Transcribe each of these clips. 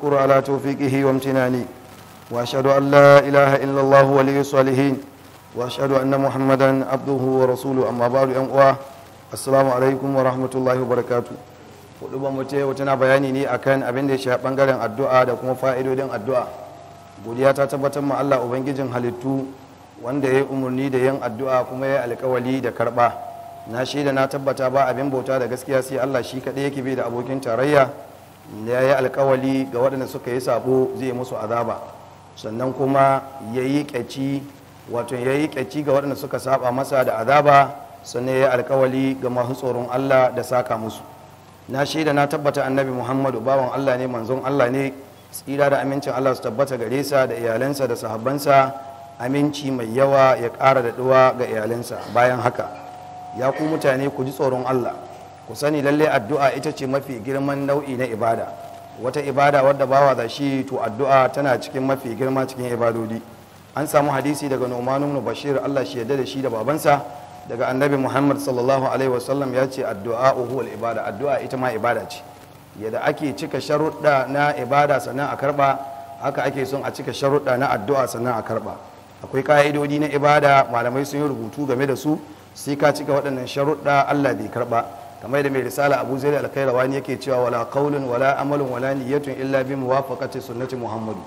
أشكر على توفيقه وامتناني وأشهد أن لا إله إلا الله ولي الصالحين وأشهد أن محمدا عبده ورسوله أما بعد أن السلام عليكم ورحمة الله وبركاته kuduba mace wata na bayani ne a kan abin da ya shafi bangaren addu'a da kuma fa'idodin addu'a godiya ta tabbatar ma Allah ubangijin halittu wanda ya yi umarni da yin addu'a kuma ya yi alkawali da karɓa. na shaida na tabbata ba abin bauta da gaskiya sai Allah shi kaɗai yake bai da abokin tarayya ya yi alkawali ga waɗanda suka yi sabo zai musu azaba sannan kuma ya yi ƙyaci wato ya yi ƙyaci ga waɗanda suka saba masa da azaba sannan ya yi alkawali ga masu tsoron Allah da saka musu na shaida na tabbata annabi muhammadu bawan Allah ne manzon Allah ne tsira da amincin Allah su tabbata gare sa da iyalansa da sahabbansa aminci mai yawa ya kara da ga iyalansa bayan haka ya ku mutane ku ji tsoron Allah ku sani lalle addu'a ita ce mafi girman nau'i na ibada wata ibada wadda bawa za shi to addu'a tana cikin mafi girma cikin ibadodi an samu hadisi daga Nu'man ibn Bashir Allah shi yarda da shi da babansa daga Annabi Muhammad sallallahu alaihi wasallam ya ce addu'a huwal ibada addu'a ita ma ibada ce yadda ake cika sharuɗa na ibada sannan a karba haka ake son a cika sharuɗa na addu'a sannan a karba akwai ka'idodi na ibada malamai sun yi rubutu game da su sai ka cika waɗannan sharuɗa Allah bai karba kamar da mai risala abu zai wani yake cewa wala kaulin wala amalin wala niyyatun illa bi muwafaqati sunnati muhammadu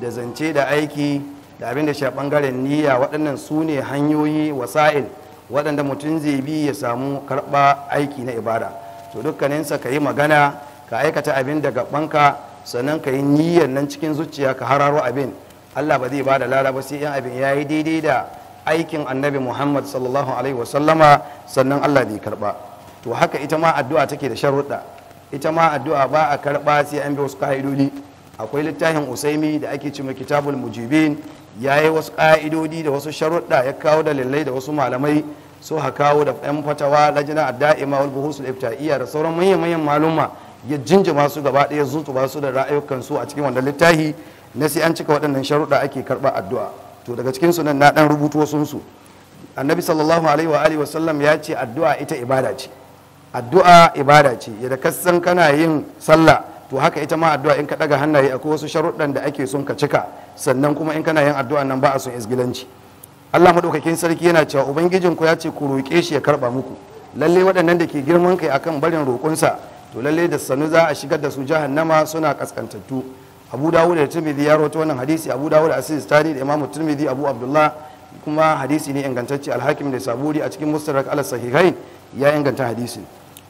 da zance da aiki da abin da shi bangaren niyya waɗannan su ne hanyoyi wasa'il waɗanda mutum zai bi ya samu karɓa aiki na ibada to dukkaninsa ka yi magana ka aikata abin da gabanka sannan ka yi niyyar nan cikin zuciya ka hararo abin allah ba zai ba da lara ba sai yan abin ya yi daidai da aikin annabi muhammad sallallahu alaihi wasallama sannan allah zai karɓa to haka ita ma addu'a take da sharuɗa ita ma addu'a ba a karɓa sai an bi wasu ƙa'idodi akwai littafin usaimi da ake cima kitabul mujibin ya yi wasu ƙa'idodi da wasu sharuɗa ya kawo da lallai da wasu malamai so ha kawo da ɗan fatawa lajina adda'ima wal buhusul su da sauran manyan-manyan maluma ya jinjima su gaba ɗaya ba su da ra'ayukan su a cikin wannan littafi na sai an cika waɗannan sharuɗa ake karɓa addu'a to daga cikin su nan na ɗan rubutu su annabi sallallahu alaihi wa alihi wa sallam ya ce addu'a ita ibada ce addu'a ibada ce yadda ka san kana yin sallah to haka ita ma addu'a in ka daga hannaye akwai wasu sharuɗan da ake son ka cika sannan kuma in kana yin addu'a nan ba a son isgilanci Allah madaukakin sarki yana cewa ubangijin ku ya ce ku roƙe shi ya karba muku lalle waɗannan da ke girman kai akan barin roƙonsa to lalle da sanu za a shigar da su jahannama suna kaskantattu abu dawud da tirmidhi ya rawaito wannan hadisi abu dawud da asis tari da Imam tirmidhi abu abdullah kuma hadisi ne ingantacce alhakim da saburi a cikin mustarak al sahihain ya inganta hadisin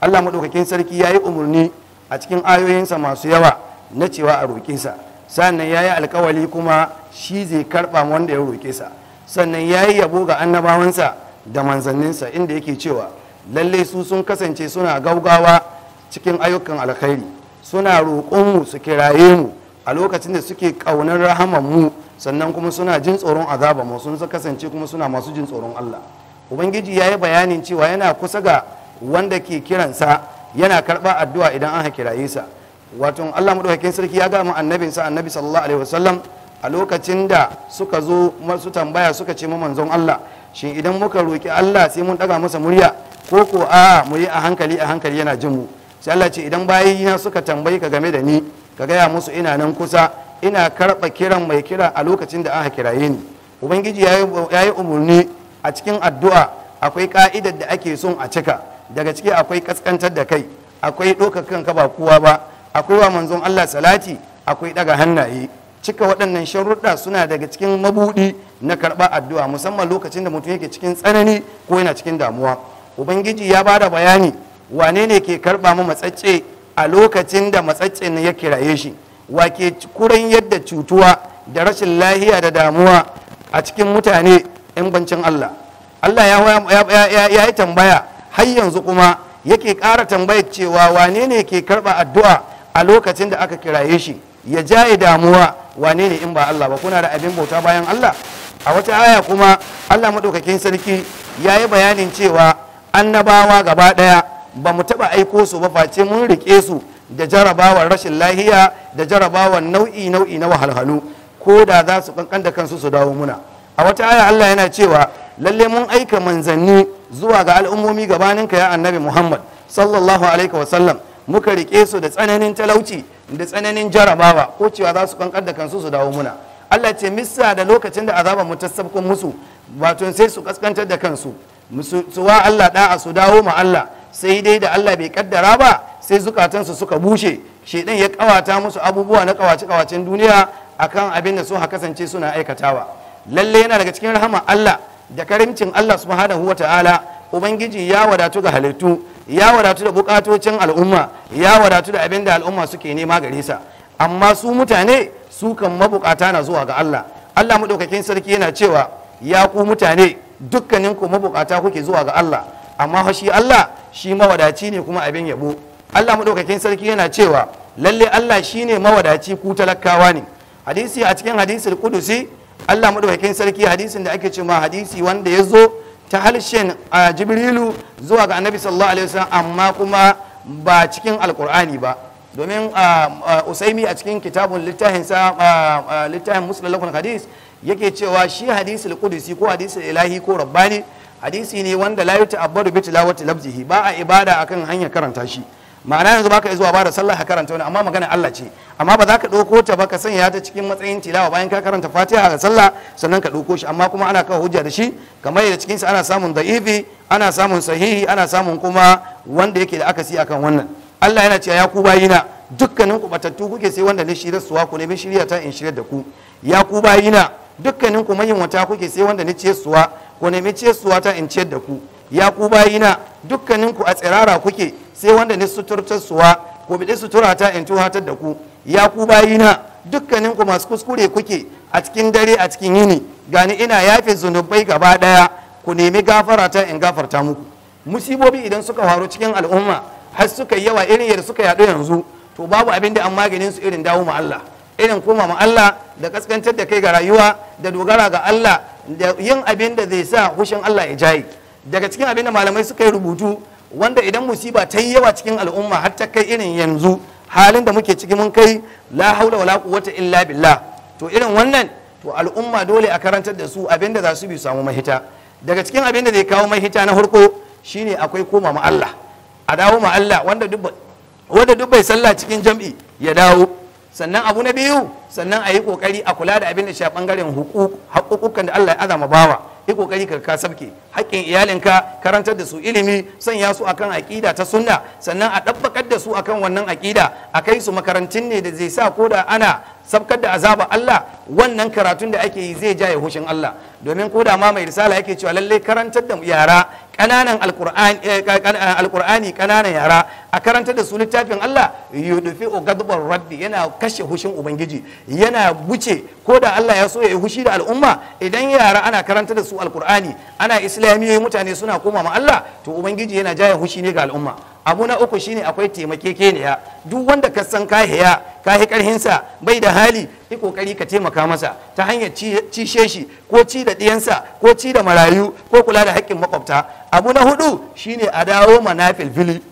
Allah maɗaukakin sarki ya yi umarni a cikin ayoyinsa masu yawa na cewa a roƙe sa sannan ya yi alkawali kuma shi zai karɓa wanda ya roƙe sa sannan ya yi yabo ga annabawansa da manzanninsa inda yake cewa lalle su sun kasance suna gaugawa cikin ayyukan alkhairi suna roƙon roƙonmu su kiraye mu a lokacin da suke ƙaunar rahaman mu sannan kuma suna jin tsoron azaba mu sun kasance kuma suna masu jin tsoron Allah ubangiji ya yi bayanin cewa yana kusa ga wanda ke kiransa yana karba addu'a idan an hakiraye sa wato Allah madaukakin sarki ya gama annabinsa annabi sallallahu alaihi wasallam a lokacin da suka zo masu tambaya suka ce mu manzon Allah shin idan muka roki Allah sai mun daga masa murya ko ko a mu yi a hankali a hankali yana jin mu sai Allah ce idan bayina suka tambayi ka game da ni ka gaya musu ina nan kusa ina karba kiran mai kira a lokacin da aka kiraye ni ubangiji ya yi umarni a cikin addu'a akwai ka'idar da ake son a cika daga ciki akwai kaskantar da kai akwai ɗaukar ka ba kowa ba akwai wa manzon Allah salati akwai daga hannaye cika waɗannan sharuɗa suna daga cikin mabuɗi na karɓar addu'a musamman lokacin da mutum yake cikin tsanani ko yana cikin damuwa ubangiji ya bada bayani wane ne ke karɓa mu matsacce a lokacin da matsacce ya kiraye shi wa ke kuran yadda cutuwa da rashin lahiya da damuwa a cikin mutane 'yan bancin Allah Allah ya yi tambaya har yanzu kuma yake kara tambayar cewa wane ne ke karɓa addu'a a lokacin da aka kiraye shi ya jaye damuwa wane ne in ba Allah ba kuna da abin bauta bayan Allah a wata aya kuma Allah maɗaukakin sarki ya yi bayanin cewa annabawa gaba ɗaya ba mu taɓa aiko su ba face mun riƙe su da jarabawar rashin lahiya da jarabawar nau'i nau'i na wahalhalu ko da za su kankan da kansu su dawo muna a wata aya Allah yana cewa lalle mun aika manzanni zuwa ga al'ummomi gabaninka ya annabi muhammad sallallahu alaihi wasallam muka rike su da tsananin talauci da tsananin jarabawa ko cewa za su kankar da kansu su dawo muna allah ce misa da lokacin da azaban mu ta sabkun musu wato sai su kaskantar da kansu su allah da'a su dawo ma allah sai dai da allah bai kaddara ba sai zukatansu suka bushe shedan ya kawata musu abubuwa na kawace kawacen duniya akan abin da su ha kasance suna aikatawa lalle yana daga cikin rahama allah da karimcin Allah subhanahu wa ta'ala ubangiji ya wadatu ga halittu ya wadatu da bukatocin al'umma ya wadatu da abin da al'umma suke nema gare sa amma su mutane su kan mabukata na zuwa ga Allah Allah madaukakin sarki yana cewa ya ku mutane dukkanin ku mabukata kuke zuwa ga Allah amma shi Allah shi mawadaci ne kuma abin yabo Allah madaukakin sarki yana cewa lalle Allah shine mawadaci ku talakawa ne hadisi a cikin hadisul qudusi Allah madaukakin sarki hadisin da ake cewa hadisi wanda ya zo ta harshen Jibrilu zuwa ga Annabi sallallahu alaihi wasallam amma kuma ba cikin Alkur'ani ba domin Usaimi a cikin kitabun littafin sa littafin Musnadul Hadis yake cewa shi hadisul qudsi ko hadisi ilahi ko rabbani hadisi ne wanda la yuta'abbadu bi tilawati lafzihi ba a ibada akan hanyar karanta shi ma'ana yanzu baka zuwa ba da sallah ka karanta wani amma magana Allah ce amma ba za ka ɗauko ta ba ka sanya ta cikin matsayin tilawa bayan ka karanta fatiha ga sallah sannan ka ɗauko shi amma kuma ana kawo hujja da shi kamar yadda cikinsa ana samun da'ifi ana samun sahihi ana samun kuma wanda yake da akasi akan wannan Allah yana cewa ya ku bayina dukkanin ku batattu kuke sai wanda ne shirar suwa ku ne min shirya ta in shirar da ku ya ku bayina dukkanin ku mayin wata kuke sai wanda ne ciyar suwa ku ne min ciyar suwa ta in ciyar da ku ya ku bayina dukkanin a tsirara kuke sai wanda ni suturtar suwa ko bi sutura ta in tuhatar da ku ya ku bayina dukkanin masu kuskure kuke a cikin dare a cikin yini gani ina yafe zunubai gaba daya ku nemi gafara ta in gafarta muku musibobi idan suka faru cikin al'umma har suka yawa irin yadda suka yadu yanzu to babu abin da an maganin su irin dawo ma Allah irin koma ma Allah da kaskantar da kai ga rayuwa da dogara ga Allah da yin abin da zai sa hushin Allah ya jaye daga cikin abin da malamai suka yi rubutu wanda idan musiba ta yi yawa cikin al'umma har ta kai irin yanzu halin da muke ciki mun kai la haula wala quwwata illa billah to irin wannan to al'umma dole a karantar da su abin da za su bi samu mahita daga cikin abin da zai kawo mahita na harko shine akwai koma ma Allah a dawo ma Allah wanda duk wanda duk bai sallah cikin jam'i ya dawo sannan abu na biyu sannan a yi kokari a kula da abin da sha bangaren haƙuƙukan da Allah ya azama bawa yi kokari ka kasabke haƙƙin iyalinka karantar da su ilimi sanya su akan aƙida ta sunna sannan a ɗabbakar da su akan wannan aƙida a kai su makarantun ne da zai sa ko da ana sabkar da azaba Allah wannan karatun da ake yi zai ya hushin Allah domin ko da ma mai risala yake cewa lallai karantar da yara ƙananan alƙur'ani eh, eh, ƙananan yara a karanta da su littafin Allah yudufi ogadubar rabbi yana kashe hushin ubangiji yana wuce ko da Allah ya so ya yi hushi da al'umma idan yara ana karanta da su alƙur'ani ana islamiyoyi mutane suna koma ma Allah to ubangiji yana jaya hushi ne ga al'umma abu na uku shine akwai taimakekeniya duk wanda ka san ka hiya ka hi karhinsa bai da hali yi kokari ka taimaka masa ta hanyar cishe shi ko ci da ɗiyansa ko ci da marayu ko kula da haƙƙin makwabta abu na hudu shine a dawo manafil fili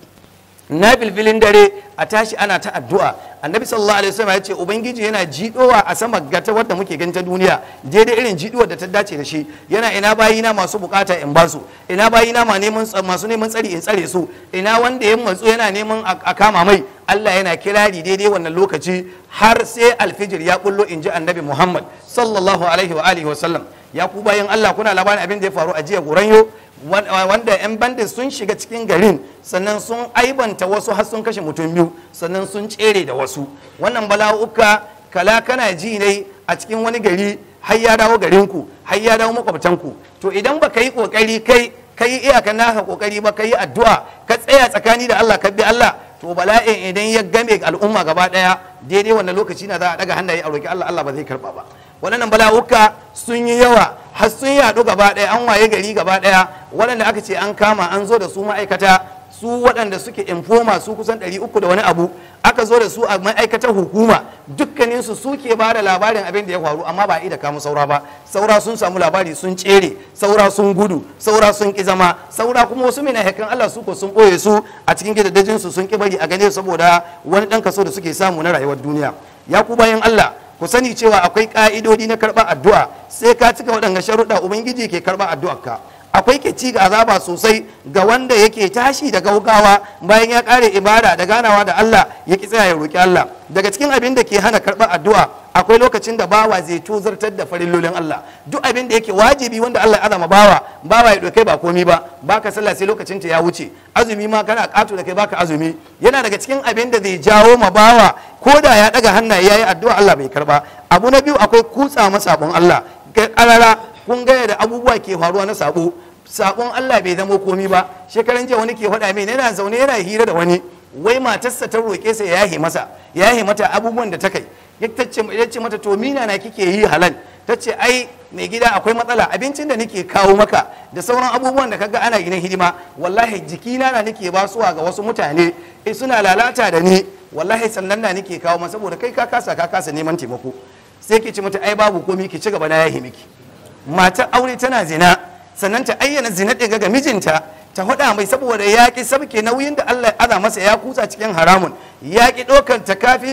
na bilbilin dare a tashi ana ta addu'a annabi sallallahu alaihi wasallam ya ce ubangiji yana jidowa a sama gata wadda muke gani ta duniya daidai irin jidowa da ta dace da shi yana ina bayina masu bukata in basu ina bayina ma neman masu neman tsari in tsare su ina wanda ya matsu yana neman a kama mai Allah yana kirari daidai wannan lokaci har sai alfijir ya bullo inji annabi Muhammad sallallahu alaihi wa alihi wasallam ya ku bayan Allah kuna labarin abin da ya faru a jiya goranyo wanda 'yan bandit sun shiga cikin garin sannan sun aibanta wasu har sun kashe mutum biyu sannan sun tsere da wasu wannan bala'uka kala kana ji ne a cikin wani gari har ya dawo garinku har ya dawo makwabtanku to idan baka yi kokari kai ka yi iyaka naka kokari ba ka yi addu'a ka tsaya tsakani da Allah ka bi Allah to bala'in idan ya game al'umma gaba daya daidai wannan lokaci na za a daga hannaye a roki Allah Allah ba zai karba ba wannan bala'uka sun yi yawa har sun yaɗu gaba daya an waye gari gaba daya waɗanda aka ce an kama an zo da su ma'aikata su waɗanda suke informa su kusan 300 da wani abu aka zo da su a ma'aikatar hukuma dukkaninsu suke ba da labarin abin da ya faru amma ba a ida kama saura ba saura sun samu labari sun tsere saura sun gudu saura sun ki zama saura kuma wasu mina hakan Allah su ko sun ɓoye su a cikin gidajen su sun ki bari a gane saboda wani dan kaso da suke samu na rayuwar duniya ya ku bayan Allah ku sani cewa akwai ka'idodi na karɓar addu'a sai ka cika waɗanga sharuɗa ubangiji ke karɓar addu'arka akwai kici ga azaba sosai ga wanda yake tashi da gaugawa bayan ya kare ibada da ganawa da Allah ya ki tsaya ya roki Allah daga cikin abin da ke hana karɓar addu'a akwai lokacin da bawa zai tozartar da farillolin Allah duk abin da yake wajibi wanda Allah ya azama bawa bawa ya dokai ba komi ba baka sallah sai lokacin ta ya wuce azumi ma kana kato da kai baka azumi yana daga cikin abin da zai jawo ma bawa ko da ya daga hannaye yayi addu'a Allah bai karba abu na biyu akwai kutsa masabon Allah karara kun gaya da abubuwa ke faruwa na sabo sabon Allah bai zama komi ba shekaran jiya wani ke faɗa min yana zaune yana hira da wani wai matarsa ta roƙe sa ya yahe masa ya yahe mata abubuwan da ta kai ya ce mata to mina na kike yi halal ta ce ai mai gida akwai matsala abincin da nake kawo maka da sauran abubuwan da kaga ana ginin hidima wallahi jikina na nake basuwa ga wasu mutane eh suna lalata da ni wallahi sannan na nake kawo ma saboda kai ka kasa ka kasa neman taimako sai ki ci mata ai babu komi ki ci gaba na yahe miki matar aure tana zina sannan ta ayyana zina ɗin ga mijinta ta faɗa mai saboda ya ƙi sabke nauyin da Allah aza masa ya kusa cikin haramun ya ƙi ɗaukar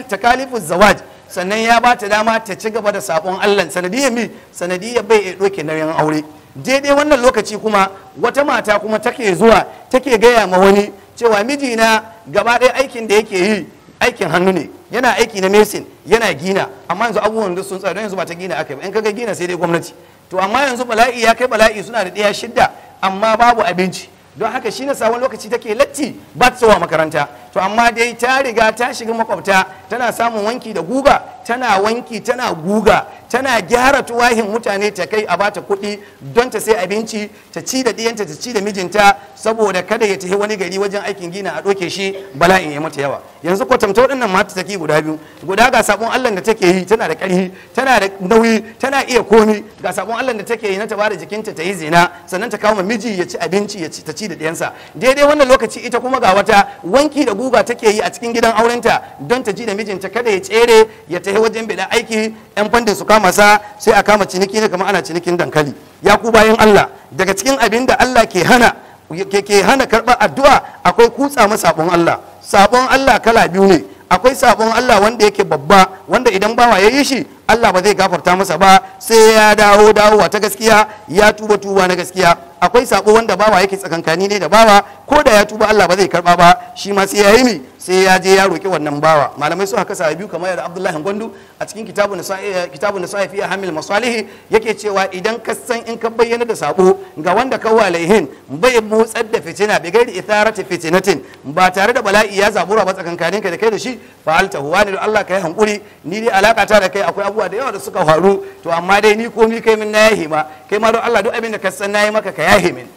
takalifin zawaj sannan ya ba ta dama ta ci gaba da sabon Allah sanadiyar mi sanadiyar bai iya ɗauke nauyin aure daidai wannan lokaci kuma wata mata kuma take zuwa take gaya ma wani cewa mijina gaba ɗaya aikin da yake yi aikin hannu ne yana aiki na mesin yana gina amma yanzu abubuwan da sun tsaya don yanzu ba ta gina aka yi in kaga gina sai dai gwamnati to amma yanzu bala'i ya kai bala'i suna da ɗaya shidda amma babu abinci don haka shi na sabon lokaci take latti ba ta makaranta to amma dai ta riga ta shiga makwabta tana samun wanki da guga tana wanki tana guga tana gyara tuwahin mutane ta kai a bata kuɗi don ta sai abinci ta ci da ɗiyanta ta ci da mijinta saboda kada ya tafi wani gari wajen aikin gina a ɗauke shi bala'in ya mata yawa yanzu ko tamta nan mata take guda biyu guda ga sabon Allah da take yi tana da ƙarfi tana da nauyi tana iya komi ga sabon Allah da take yi na ta bada jikinta ta yi zina sannan ta kawo ma miji ya ci abinci ya ci ta ci da ɗiyansa daidai wannan lokaci ita kuma ga wata wanki da guga take yi a cikin gidan aurenta don ta ji da mijinta kada ya tsere ya tafi zo wajen bai da aiki yan fandin su kama sa sai a kama ciniki ne kamar ana cinikin dankali ya ku bayan Allah daga cikin abin da Allah ke hana ke hana karɓar addu'a akwai kutsa ma sabon Allah sabon Allah kala biyu ne akwai sabon Allah wanda yake babba wanda idan bawa ya yi shi Allah ba zai gafarta masa ba sai ya dawo dawowa ta gaskiya ya tuba tuba na gaskiya akwai sako wanda bawa yake tsakankani ne da bawa ko da ya tuba Allah ba zai karba ba shi ma sai ya yi mi sai ya je ya roki wannan bawa malamai su haka sahabi kamar yadda Abdullahi Gwandu a cikin kitabun nasa'i kitabun nasa'i fi hamil masalih yake cewa idan ka san in ka bayyana da sako ga wanda ka walaihin bai motsar da fitina bai gairi itharati fitinatin ba tare da bala'i ya zabura ba tsakankaninka da kai da shi fa'alta huwa huwa Allah ka yi hankuri ni dai alaka ta da kai akwai abubuwa da yawa da suka faru to amma dai ni komi kai min na yahi ma kai ma don Allah duk abin da ka san nayi maka ka yahi min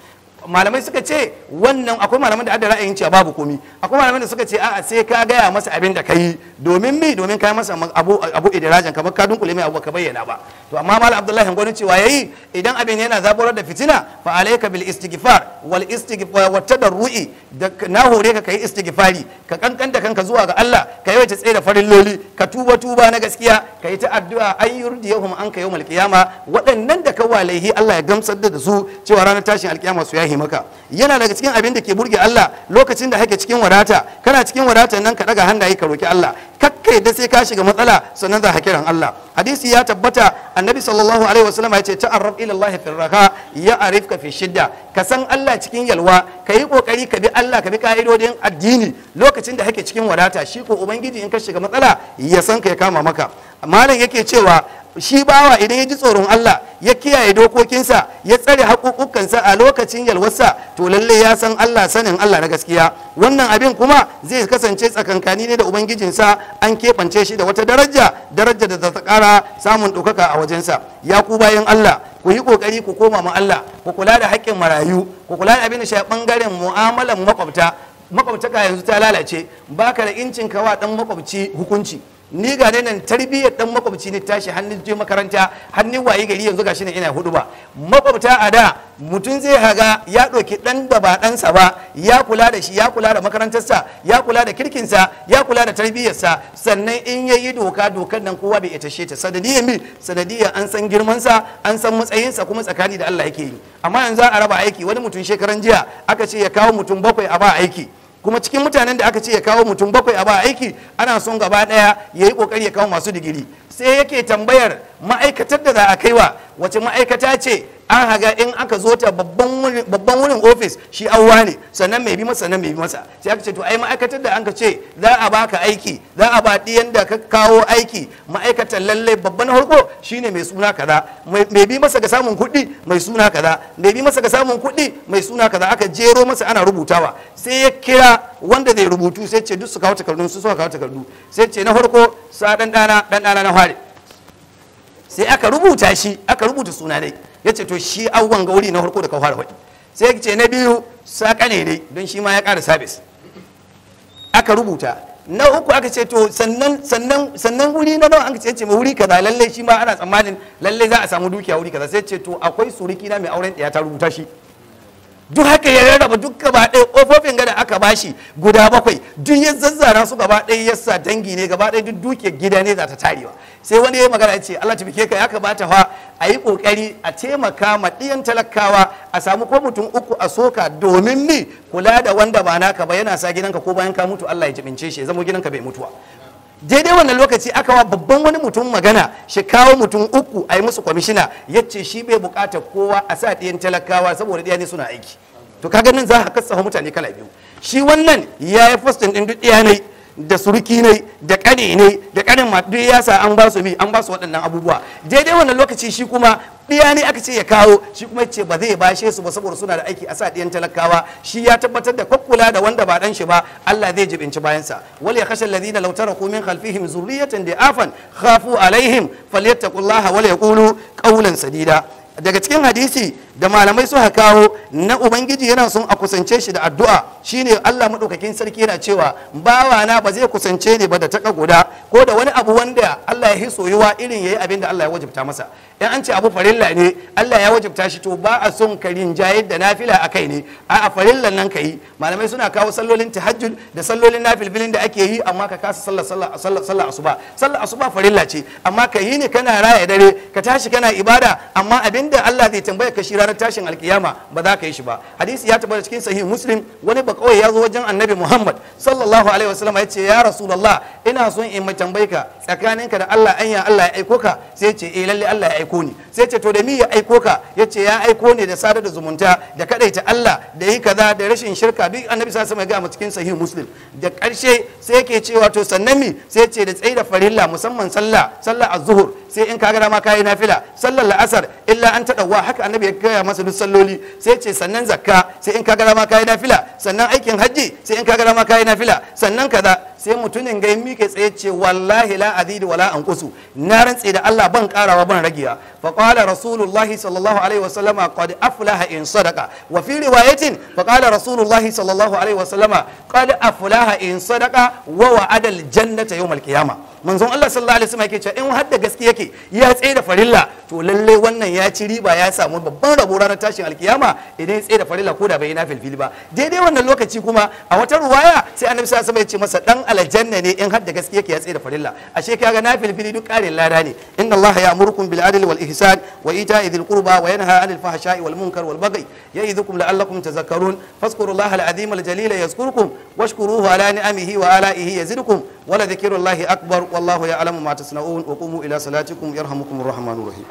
malamai suka ce wannan akwai malaman da adda ra'ayin cewa babu komi akwai malaman da suka ce a'a sai ka gaya masa abin da kai domin mi domin kai masa abu abu idrajan kamar ka dunkule mai abu ka bayyana ba to amma malam abdullahi gwanin cewa yayi idan abin yana zaburar da fitina fa alayka bil istighfar wal istighfar wa tadarru'i da na hore ka kai istighfari ka kankan da kanka zuwa ga Allah ka ta tsaye da farin loli ka tuba tuba na gaskiya ka yi ta addu'a ay yurdiyahum anka yawmal qiyama waɗannan da ka walaihi Allah ya gamsar da su cewa ranar tashin alkiyama su yahi maka yana daga cikin abin da ke burge Allah lokacin da kake cikin wadata kana cikin wadata nan ka daga hannaye ka roki Allah kakkai da sai ka shiga matsala sannan za a kiran Allah hadisi ya tabbata annabi sallallahu alaihi wasallam ya ce ta'arraf ila Allah fi raha ya arifka fi shidda ka san Allah cikin yalwa ka yi kokari ka bi Allah ka bi ka'idodin addini lokacin da kake cikin wadata shi ko ubangiji in ka shiga matsala ya san ka ya kama maka malam yake cewa shi bawa idan ya ji tsoron Allah ya kiyaye dokokinsa ya tsare haƙuƙukansa a lokacin yalwarsa to lalle ya san Allah sanin Allah na gaskiya wannan abin kuma zai kasance tsakankani ne da ubangijinsa an keɓance shi da wata daraja daraja da ta ƙara samun ɗaukaka a wajensa ya ku bayan Allah ku yi ƙoƙari ku koma ma Allah ku kula da haƙƙin marayu ku kula da abin da shi ɓangaren mu'amalan makwabta makwabtaka yanzu ta lalace baka da incin kawa ɗan makwabci hukunci ni ga nan tarbiyyar dan makwabci ne tashi hannun je makaranta hannun waye gari yanzu gashi ne ina hudu ba makwabta a da mutum zai haga ya ɗauki dan da ba ɗansa ba ya kula da shi ya kula da makarantarsa ya kula da kirkinsa ya kula da tarbiyyarsa sannan in ya yi doka dokar nan kowa bai itashe ta ya mi sanadiyya an san girmansa an san matsayinsa kuma tsakani da Allah yake yi amma yanzu a raba aiki wani mutum shekaran jiya aka ce ya kawo mutum bakwai a ba aiki kuma cikin mutanen da aka ce ya kawo mutum bakwai a ba aiki ana son gaba daya ya yi kokari ya kawo masu digiri sai yake tambayar ma'aikatar da za a kaiwa wace ma'aikata ce an haga in aka zo ta babban wurin ofis shi auwa ne sannan mai bi masa sannan mai bi masa sai aka ce to ai ma'aikatar da an ka ce za a baka aiki za a ba diyan da ka kawo aiki ma'aikatar lallai babban harko shine mai suna kaza mai bi masa ga samun kuɗi mai suna kaza mai bi masa ga samun kuɗi mai suna kaza aka jero masa ana rubutawa sai ya kira wanda zai rubutu sai ce duk su kawo takardu su suka kawo takardu sai ce na farko sa dan dana dan dana na fare sai aka rubuta shi aka rubuta suna dai yace to shi awwan gauri na farko da ka fara sai ya ce na biyu sa kane dai don shi ma ya ƙara sabis aka rubuta na uku aka ce to sannan sannan sannan wuri na nawa an ce ce wuri kaza lalle shi ma ana tsammanin lalle za a samu dukiya wuri kaza sai ce to akwai suriki na mai auren ɗaya ta rubuta shi duk haka ya rarraba duk gaba ɗaya aka bashi guda bakwai duk ya zazzara su gaba ɗaya ya sa dangi ne gaba ɗaya duk duke gida ne za ta tarewa sai wani ya magana ce Allah ta bike ka ya kamata fa a yi kokari a taimaka ma ɗiyan talakawa a samu ko mutum uku a soka domin ni kula da wanda ba naka ba yana sa gidanka ko bayan ka mutu Allah ya jibince shi ya zama gidanka bai mutuwa daidai wannan lokaci aka wa babban wani mutum magana shi kawo mutum uku a yi musu kwamishina ya ce shi bai bukatar kowa a sa ɗiyan talakawa saboda ɗiya ne suna aiki to kaga nan za ka kasa mutane kala biyu shi wannan ya yi fustin ɗin duk ɗaya ne da suruki ne da ƙane ne da ƙarin ma ya sa an ba su mi an ba su waɗannan abubuwa daidai wannan lokaci shi kuma ɗiya ne aka ce ya kawo shi kuma ce ba zai bashe su ba saboda suna da aiki a sa ɗiyan talakawa shi ya tabbatar da kwakkula da wanda ba ɗan shi ba Allah zai jibinci bayansa wal ya kashe ladina law taraku min khalfihim zurriyatan da afan khafu alaihim falyattaqullaha wal yaqulu qawlan sadida daga cikin hadisi da malamai suka kawo na ubangiji yana son a kusance shi da addu'a shine Allah madaukakin sarki yana cewa bawana ba zai kusance ni ba da taka guda ko da wani abu wanda Allah ya soyuwa irin yayi abin da Allah ya wajibta masa in an ce abu farilla ne Allah ya wajabta shi to ba a son ka rinjayar da nafila a kai ne a a farillan nan ka yi malamai suna kawo sallolin tahajjud da sallolin nafilbilin da ake yi amma ka kasa sallar sallar sallar asuba sallar asuba farilla ce amma ka yi ne kana raya dare ka tashi kana ibada amma abinda Allah zai tambaya ka shi ranar tashin alkiyama ba za ka yi shi ba hadisi ya tabbata cikin sahih muslim wani ba ya zo wajen annabi muhammad sallallahu alaihi wasallam ya ce ya rasulullah ina son in mai tambayka tsakaninka da Allah anya Allah ya aiko ka sai ya ce eh lalle Allah ya aiko aiko ne sai ce to da mi ya aiko ka ya ce ya aiko ne da sadar da zumunta da kadaita Allah da yi kaza da rashin shirka duk annabi sallallahu alaihi wasallam ga cikin sahih muslim da karshe sai yake cewa to sannan mi sai ce da tsayi da farilla musamman sallah sallah az-zuhur sai in ka ga ma kayi nafila sallar la'asar illa an tadawa haka annabi ya gaya masa duk salloli sai ce sannan zakka sai in ka ga ma kayi nafila sannan aikin hajji sai in ka kaga ma kayi nafila sannan kaza sai mutumin ga mike tsaye ce wallahi la azidu wala anqusu na rantse da Allah ban karawa ban ragiya fa qala rasulullahi sallallahu alaihi wasallam qad aflaha in sadaqa wa fi riwayatin fa qala rasulullahi sallallahu alaihi wasallam qad aflaha in sadaqa wa wa'ada al jannata yawm al qiyamah manzon Allah sallallahu alaihi wasallam yake cewa in har da gaske yake ya tsaye da farilla to lalle wannan ya ci riba ya samu babban rabo ranar tashin alkiyama idan ya tsaye da farilla ko da bai na filfili ba daidai wannan lokaci kuma a wata ruwaya sai annabi sallallahu alaihi wasallam ya ce masa dan aljanna ne in har da gaske yake ya tsaye da farilla ashe kaga na filfili duk karin lada ne inna Allah ya'murukum bil adli wal ihsan wa ita'i dhil qurba wa yanha 'anil fahsha'i wal munkar wal baghi ya'idhukum la'allakum tadhakkarun fadhkurullaha al 'azima al jalila yazkurkum washkuruhu ala ni'amihi wa ala'ihi yazidukum wa la dhikrullahi akbar wallahu ya'lamu ma tasna'un wa qumu ila salatikum yarhamukumur rahmanur rahim